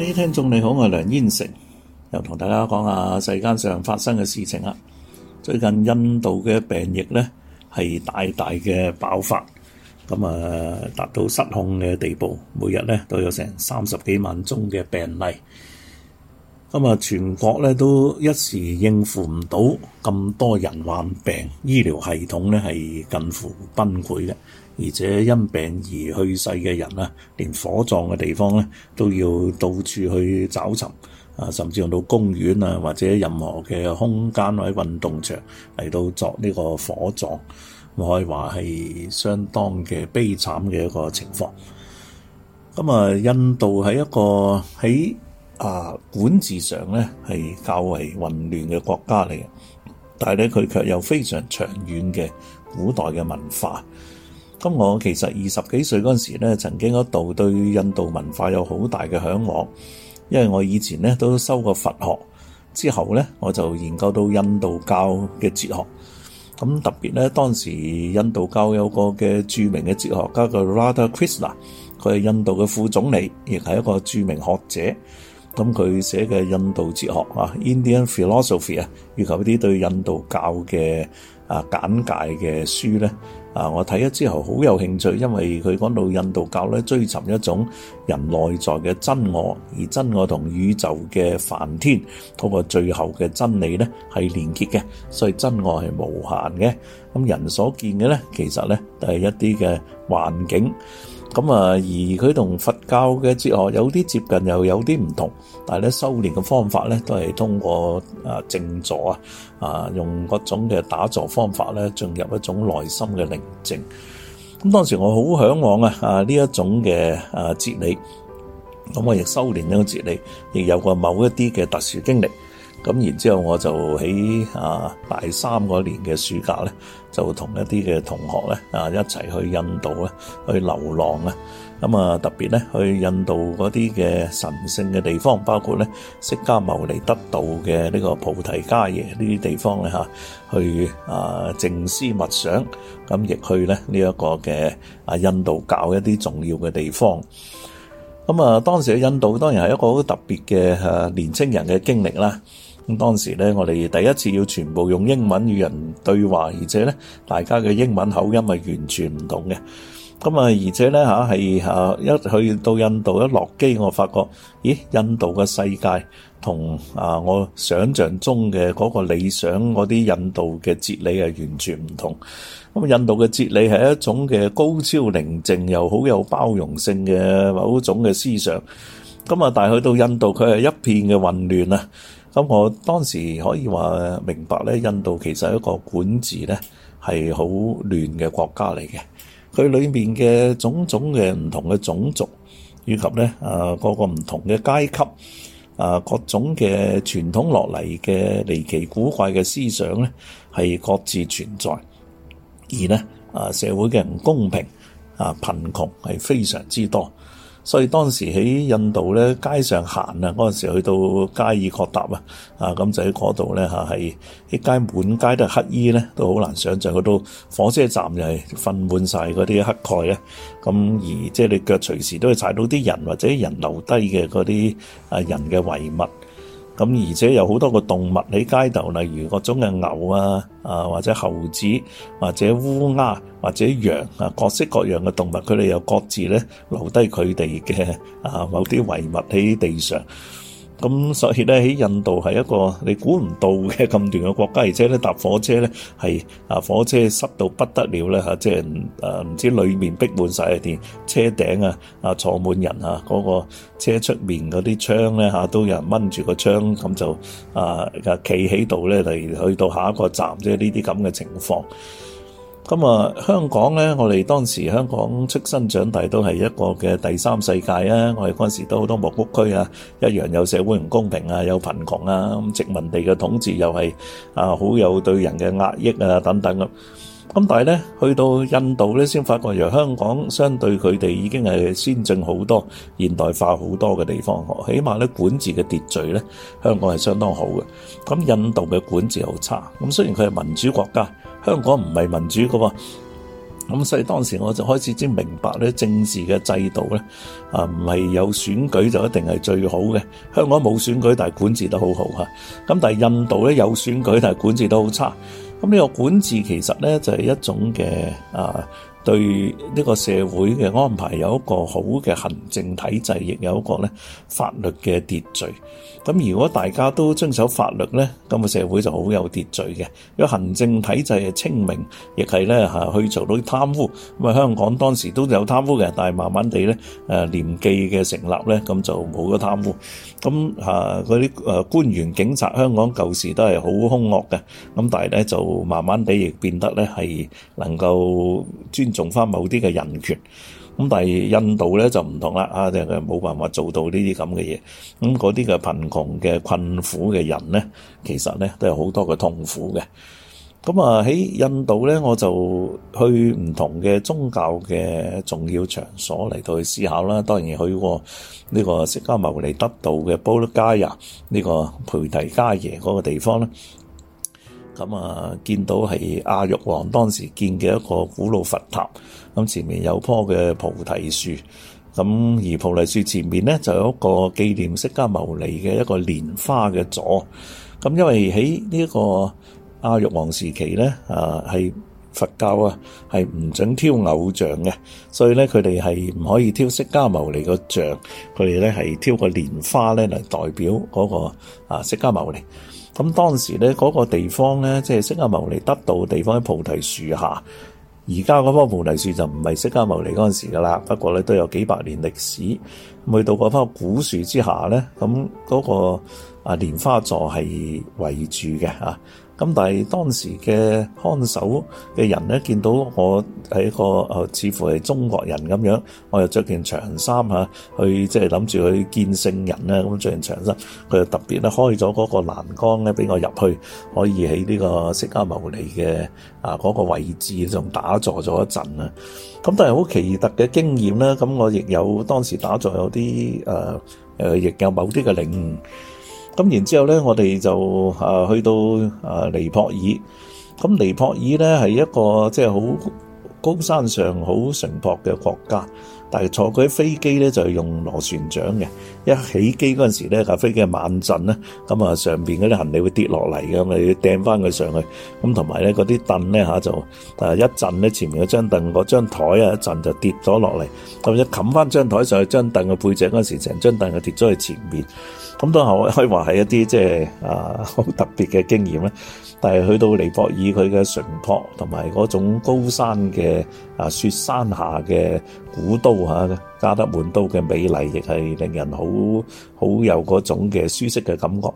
各位聽眾你好，我係梁燕城，又同大家講下世間上發生嘅事情啦。最近印度嘅病疫咧係大大嘅爆發，咁啊達到失控嘅地步，每日咧都有成三十幾萬宗嘅病例，咁啊全國咧都一時應付唔到咁多人患病，醫療系統咧係近乎崩潰嘅。而且因病而去世嘅人啊，連火葬嘅地方咧都要到處去找尋啊，甚至用到公園啊或者任何嘅空間或者運動場嚟到作呢個火葬，我可以話，係相當嘅悲慘嘅一個情況。咁啊，印度係一個喺啊管治上咧，係較為混亂嘅國家嚟嘅，但係咧，佢卻有非常長遠嘅古代嘅文化。咁我其實二十幾歲嗰陣時咧，曾經一度對印度文化有好大嘅向往，因為我以前咧都修過佛學，之後咧我就研究到印度教嘅哲學。咁特別咧，當時印度教有個嘅著名嘅哲學家叫 Radhakrishnan，佢係印度嘅副總理，亦係一個著名學者。咁佢寫嘅印度哲學啊，Indian Philosophy 啊，以及一啲對印度教嘅啊簡介嘅書咧。啊！我睇咗之後好有興趣，因為佢講到印度教咧，追尋一種人內在嘅真我，而真我同宇宙嘅梵天透過最後嘅真理咧係連結嘅，所以真我係無限嘅。咁人所見嘅咧，其實咧都係一啲嘅環境。咁啊，而佢同佛教嘅哲學有啲接近，又有啲唔同。但係咧，修練嘅方法咧，都係通過啊靜坐啊，啊用各種嘅打坐方法咧，進入一種內心嘅寧靜。咁當時我好向往啊啊呢一種嘅啊哲理，咁我亦修練呢個哲理，亦有過某一啲嘅特殊經歷。咁然之後，我就喺啊大三嗰年嘅暑假咧，就同一啲嘅同學咧啊一齊去印度咧去流浪啊。咁啊特別咧去印度嗰啲嘅神聖嘅地方，包括咧釋迦牟尼得道嘅呢個菩提伽耶呢啲地方嘅嚇，去啊靜思默想，咁亦去咧呢一個嘅啊印度教一啲重要嘅地方。咁啊當時去印度當然係一個好特別嘅嚇年青人嘅經歷啦。當時咧，我哋第一次要全部用英文與人對話，而且咧，大家嘅英文口音係完全唔同嘅。咁啊，而且咧吓係啊，一去到印度一落機，我發覺，咦，印度嘅世界同啊我想象中嘅嗰個理想嗰啲印度嘅哲理係完全唔同。咁印度嘅哲理係一種嘅高超寧靜又好有包容性嘅某種嘅思想。咁啊，但係去到印度，佢係一片嘅混亂啊！咁我當時可以話明白咧，印度其實係一個管治咧係好亂嘅國家嚟嘅。佢裏面嘅種種嘅唔同嘅種族，以及咧啊各個唔同嘅階級、啊各種嘅傳統落嚟嘅離奇古怪嘅思想咧，係各自存在。而咧啊社會嘅唔公平啊貧窮，係非常之多。所以當時喺印度咧，街上行啊，嗰陣時去到加爾各答啊，啊咁就喺嗰度咧嚇係一街滿街都係乞兒咧，都好難想象，去到火車站又係瞓滿晒嗰啲乞丐咧，咁、啊、而即係你腳隨時都會踩到啲人或者人留低嘅嗰啲啊人嘅遺物，咁而且有好多個動物喺街頭，例如各種嘅牛啊，啊或者猴子，或者烏鴉，或者羊啊，各式各樣嘅動物，佢哋又各自咧留低佢哋嘅啊某啲遺物喺地上。咁所以咧喺印度係一個你估唔到嘅咁短嘅國家，而且咧搭火車咧係啊火車塞到不得了咧嚇，即係誒唔知裏面逼滿晒啲電車頂啊啊坐滿人嚇，嗰個車出面嗰啲窗咧嚇都有人掹住個窗，咁就啊企喺度咧嚟去到下一個站，即係呢啲咁嘅情況。咁啊，香港咧，我哋當時香港出生長大都係一個嘅第三世界啊！我哋嗰陣時都好多木屋區啊，一樣有社會唔公平啊，有貧窮啊，咁殖民地嘅統治又係啊，好有對人嘅壓抑啊，等等咁。咁但係咧，去到印度咧，先發覺由香港相對佢哋已經係先進好多、現代化好多嘅地方，起碼咧管治嘅秩序咧，香港係相當好嘅。咁印度嘅管治好差，咁雖然佢係民主國家。香港唔係民主嘅嘛，咁所以當時我就開始先明白咧政治嘅制度咧，啊唔係有選舉就一定係最好嘅。香港冇選舉，但係管治得好好嚇。咁但係印度咧有選舉，但係管治得好差。咁、這、呢個管治其實咧就係一種嘅啊。對呢個社會嘅安排有一個好嘅行政體制，亦有一個咧法律嘅秩序。咁如果大家都遵守法律咧，咁個社會就好有秩序嘅。如果行政體制係清明，亦係咧去做到貪污。咁啊，香港當時都有貪污嘅，但係慢慢地咧誒廉記嘅成立咧，咁就冇咗貪污。咁嗰啲官員警察，香港舊時都係好兇惡嘅。咁但係咧就慢慢地亦變得咧係能夠專仲翻某啲嘅人權，咁但係印度咧就唔同啦，啊，就冇辦法做到呢啲咁嘅嘢。咁嗰啲嘅貧窮嘅困苦嘅人咧，其實咧都有好多嘅痛苦嘅。咁啊喺印度咧，我就去唔同嘅宗教嘅重要場所嚟到去思考啦。當然去過呢個釋迦牟尼得道嘅波羅迦耶呢個菩提伽耶嗰個地方啦。咁啊，見到係阿育王當時建嘅一個古老佛塔，咁前面有棵嘅菩提樹，咁而菩提樹前面咧就有一個紀念釋迦牟尼嘅一個蓮花嘅座。咁因為喺呢個阿育王時期咧啊，係佛教啊係唔準挑偶像嘅，所以咧佢哋係唔可以挑釋，釋迦牟尼個像，佢哋咧係挑個蓮花咧嚟代表嗰個啊釋迦牟尼。咁當時咧，嗰、嗰個地方咧，即係釋迦牟尼得道嘅地方喺菩提樹下。而家嗰棵菩提樹就唔係釋迦牟尼嗰陣時噶啦，不過咧都有幾百年歷史。去到嗰棵古樹之下咧，咁嗰個啊蓮花座係圍住嘅咁但係當時嘅看守嘅人咧，見到我係一個似乎係中國人咁樣，我又着件長衫去即係諗住去見聖人咧，咁着件長衫，佢就特別咧開咗嗰個欄杆咧，俾我入去，可以喺呢個釋迦牟尼嘅啊嗰個位置仲打坐咗一陣啊！咁但係好奇特嘅經驗啦。咁我亦有當時有打坐有啲誒亦有某啲嘅領悟。咁然之後咧，我哋就啊去到啊尼泊爾。咁尼泊爾咧係一個即係好高山上好淳樸嘅國家。但係坐佢啲飛機咧就係、是、用螺旋槳嘅。一起機嗰陣時咧，架飛機猛震咧，咁啊上邊嗰啲行李會跌落嚟嘅，咁要掟翻佢上去。咁同埋咧嗰啲凳咧嚇就啊一震咧，前面嗰張凳嗰張台啊一震就跌咗落嚟。或者冚翻張台上去張凳嘅背脊嗰時，成張凳就跌咗去前面。咁當後可以話係一啲即係啊好特別嘅經驗咧，但係去到尼泊爾，佢嘅純樸同埋嗰種高山嘅啊雪山下嘅古都、啊、加德滿都嘅美麗，亦係令人好好有嗰種嘅舒適嘅感覺。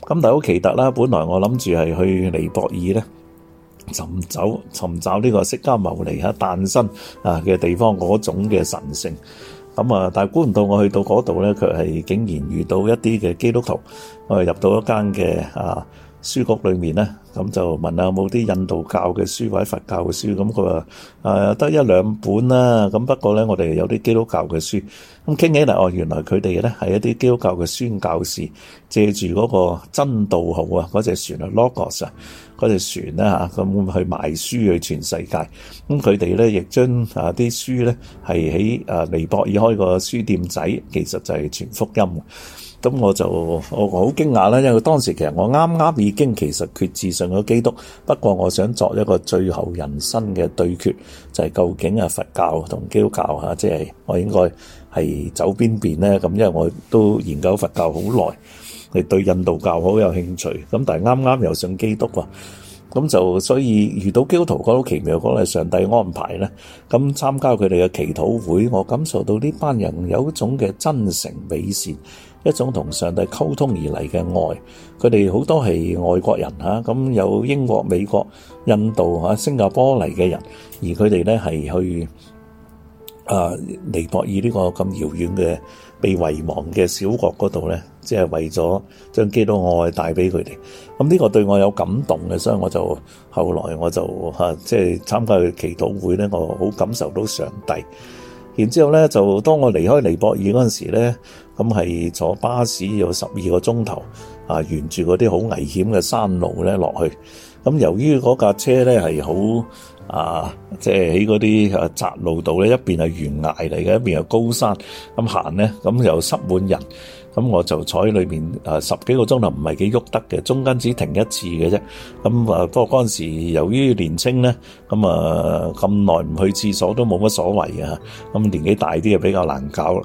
咁但係好奇特啦，本來我諗住係去尼泊爾咧尋找尋找呢個釋迦牟尼下、啊、誕生啊嘅地方嗰種嘅神性。咁啊、嗯！但係估唔到我去到嗰度咧，佢係竟然遇到一啲嘅基督徒，我係入到一間嘅啊。書局裏面咧，咁就問下有冇啲印度教嘅書、或者佛教嘅書，咁佢話得一兩本啦、啊。咁不過咧，我哋有啲基督教嘅書。咁傾起嚟哦，原來佢哋咧係一啲基督教嘅宣教士，借住嗰個真道號啊，嗰隻船，船啊，Logos 啊，嗰隻船啦嚇，咁去賣書去全世界。咁佢哋咧亦將啊啲書咧係喺誒尼泊爾以開個書店仔，其實就係傳福音。咁我就我好驚訝啦，因為當時其實我啱啱已經其實決志上咗基督，不過我想作一個最後人生嘅對決，就係究竟啊佛教同基督教即係我應該係走邊邊咧？咁因為我都研究佛教好耐。你對印度教好有興趣，咁但係啱啱又上基督啊，咁就所以遇到基督徒覺得奇妙，講係上帝安排咧。咁參加佢哋嘅祈禱會，我感受到呢班人有一種嘅真誠美善。一種同上帝溝通而嚟嘅愛，佢哋好多係外國人嚇，咁有英國、美國、印度嚇、新加坡嚟嘅人，而佢哋咧係去啊尼泊爾呢個咁遙遠嘅被遺忘嘅小國嗰度咧，即係為咗將基督愛帶俾佢哋。咁呢個對我有感動嘅，所以我就後來我就嚇即係參加佢祈禱會咧，我好感受到上帝。然之後咧，就當我離開尼泊爾嗰陣時咧，咁係坐巴士有十二個鐘頭，啊，沿住嗰啲好危險嘅山路咧落去。咁由於嗰架車咧係好啊，即係喺嗰啲窄路度咧，一邊係懸崖嚟嘅，一邊係高山，咁行咧，咁又塞滿人。咁我就坐喺裏邊，啊十幾個鐘頭唔係幾喐得嘅，中間只停一次嘅啫。咁啊，不過嗰陣時由於年青咧，咁啊咁耐唔去廁所都冇乜所謂啊。咁年紀大啲就比較難搞。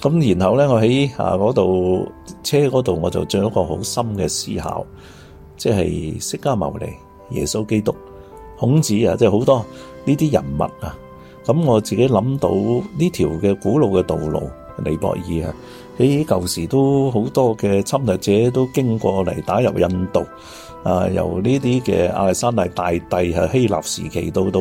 咁然後咧，我喺啊嗰度車嗰度，我就做一個好深嘅思考，即係釋迦牟尼、耶穌基督、孔子啊，即係好多呢啲人物啊。咁我自己諗到呢條嘅古老嘅道路，尼泊爾啊。喺舊時都好多嘅侵略者都經過嚟打入印度，啊，由呢啲嘅亞歷山大大帝喺希臘時期到到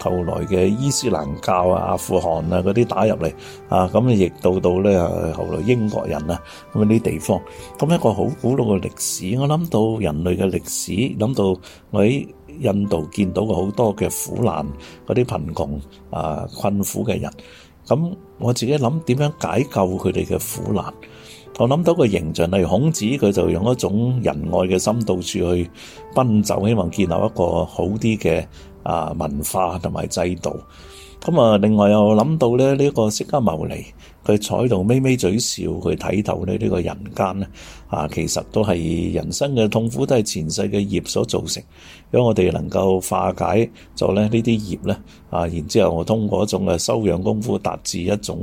後來嘅伊斯蘭教啊、阿富汗啊嗰啲打入嚟，啊，咁亦到到咧後來英國人啊咁啲地方，咁一個好古老嘅歷史。我諗到人類嘅歷史，諗到我喺印度見到過好多嘅苦難，嗰啲貧窮啊、困苦嘅人。咁我自己諗點樣解救佢哋嘅苦難，我諗到個形象，例如孔子，佢就用一種仁愛嘅心到處去奔走，希望建立一個好啲嘅啊文化同埋制度。咁啊，另外又諗到咧，呢個釋迦牟尼佢坐喺度眯眯嘴笑，佢睇透呢個人間咧啊，其實都係人生嘅痛苦，都係前世嘅業所造成。如果我哋能夠化解咗咧呢啲業咧啊，然之後我通過一種嘅修養功夫，達至一種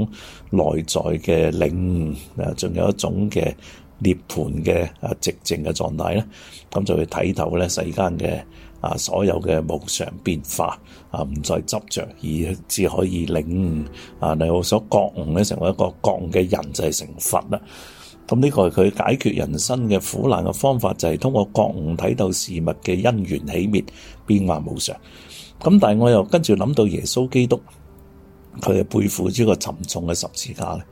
內在嘅領悟啊，仲有一種嘅涅盤嘅啊寂靜嘅狀態咧，咁、啊、就去睇透咧世間嘅。啊！所有嘅無常變化啊，唔再執着，而只可以領悟啊！你我所覺悟咧，成為一個覺悟嘅人，就係成佛啦。咁呢個係佢解決人生嘅苦難嘅方法，就係通過覺悟睇到事物嘅因緣起滅、變化無常。咁但係我又跟住諗到耶穌基督，佢係背負呢個沉重嘅十字架咧，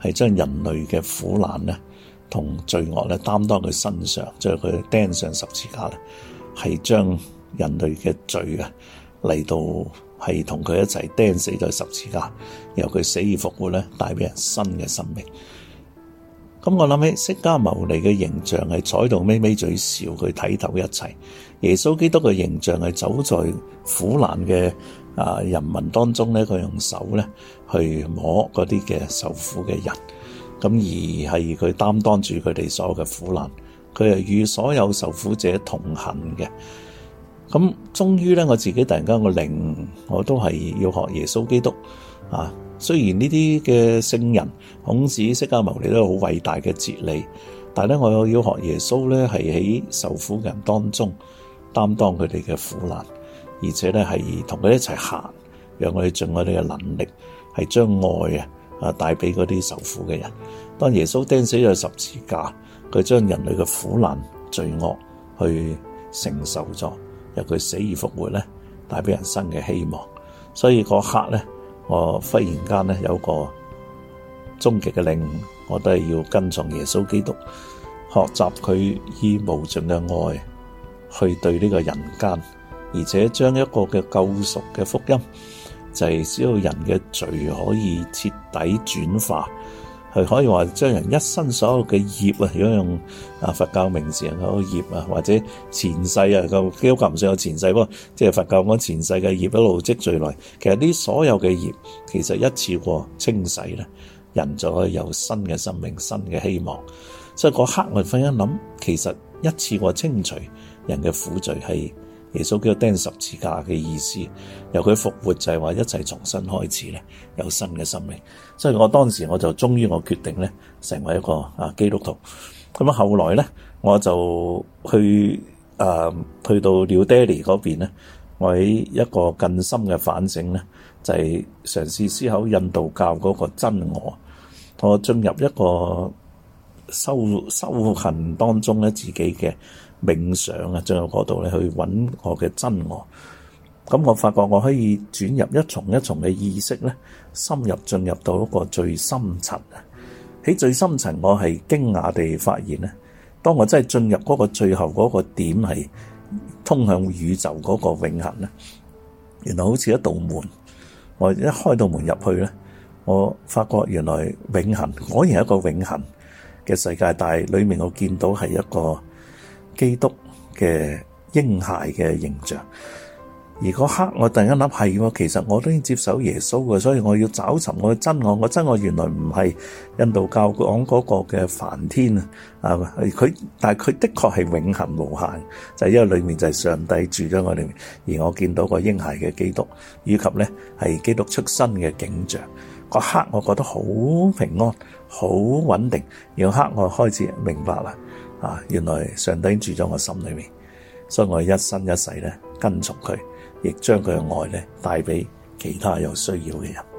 係將人類嘅苦難咧同罪惡咧擔當佢身上，就係佢釘上十字架咧。係將人類嘅罪啊嚟到，係同佢一齊釘死咗十字架，由佢死而復活咧，帶俾人新嘅生命。咁、嗯、我諗起釋迦牟尼嘅形象係彩度眯眯嘴笑，佢睇透一切。耶穌基督嘅形象係走在苦難嘅啊人民當中咧，佢用手咧去摸嗰啲嘅受苦嘅人，咁、嗯、而係佢擔當住佢哋所有嘅苦難。佢係與所有受苦者同行嘅，咁終於咧，我自己突然間我靈我都係要學耶穌基督啊！雖然呢啲嘅聖人、孔子、釋迦牟尼都好偉大嘅哲理，但係咧我要學耶穌咧，係喺受苦人當中擔當佢哋嘅苦難，而且咧係同佢一齊行，讓我哋盡我哋嘅能力，係將愛啊啊帶俾嗰啲受苦嘅人。當耶穌釘死咗十字架。佢將人類嘅苦難、罪惡去承受咗，由佢死而復活咧，帶俾人生嘅希望。所以嗰刻咧，我忽然間咧有個終極嘅令，我都係要跟從耶穌基督，學習佢以無盡嘅愛去對呢個人間，而且將一個嘅救贖嘅福音，就係、是、只要人嘅罪可以徹底轉化。係可以話將人一生所有嘅業啊，如果用啊佛教名詞，啊個業啊，或者前世啊，個基督教唔算有前世，即係佛教講前世嘅業一路積聚來。其實呢所有嘅業其實一次過清洗咧，人就可以有新嘅生命、新嘅希望。所以嗰刻我分一諗，其實一次過清除人嘅苦罪係。耶穌叫釘十字架嘅意思，由佢復活就係話一切重新開始咧，有新嘅生命。所以，我當時我就終於我決定咧成為一個啊基督徒。咁啊，後來咧我就去啊去到廖爹哋嗰邊咧，我喺一個更深嘅反省咧，就係嘗試思考印度教嗰個真我，我進入一個修修行當中咧自己嘅。冥想啊，進入嗰度咧，去揾我嘅真我。咁我發覺我可以轉入一重一重嘅意識咧，深入進入到一個最深層啊。喺最深層，我係驚訝地發現咧，當我真係進入嗰個最後嗰個點，係通向宇宙嗰個永恆咧。原來好似一道門，我一開道門入去咧，我發覺原來永恆果然係一個永恆嘅世界，但係裡面我見到係一個基督嘅嬰孩嘅形象，而嗰刻我突然間諗係喎，其實我都已接受耶穌嘅，所以我要找尋我嘅真我。我真我原來唔係印度教講嗰個嘅梵天啊，係佢，但係佢的確係永恆無限，就係因為裏面就係上帝住咗我裏面。而我見到個嬰孩嘅基督，以及咧係基督出生嘅景象，嗰刻我覺得好平安、好穩定。然後刻我開始明白啦。啊！原來上帝住在我心裏面，所以我一生一世咧跟從佢，亦將佢嘅愛咧帶畀其他有需要嘅人。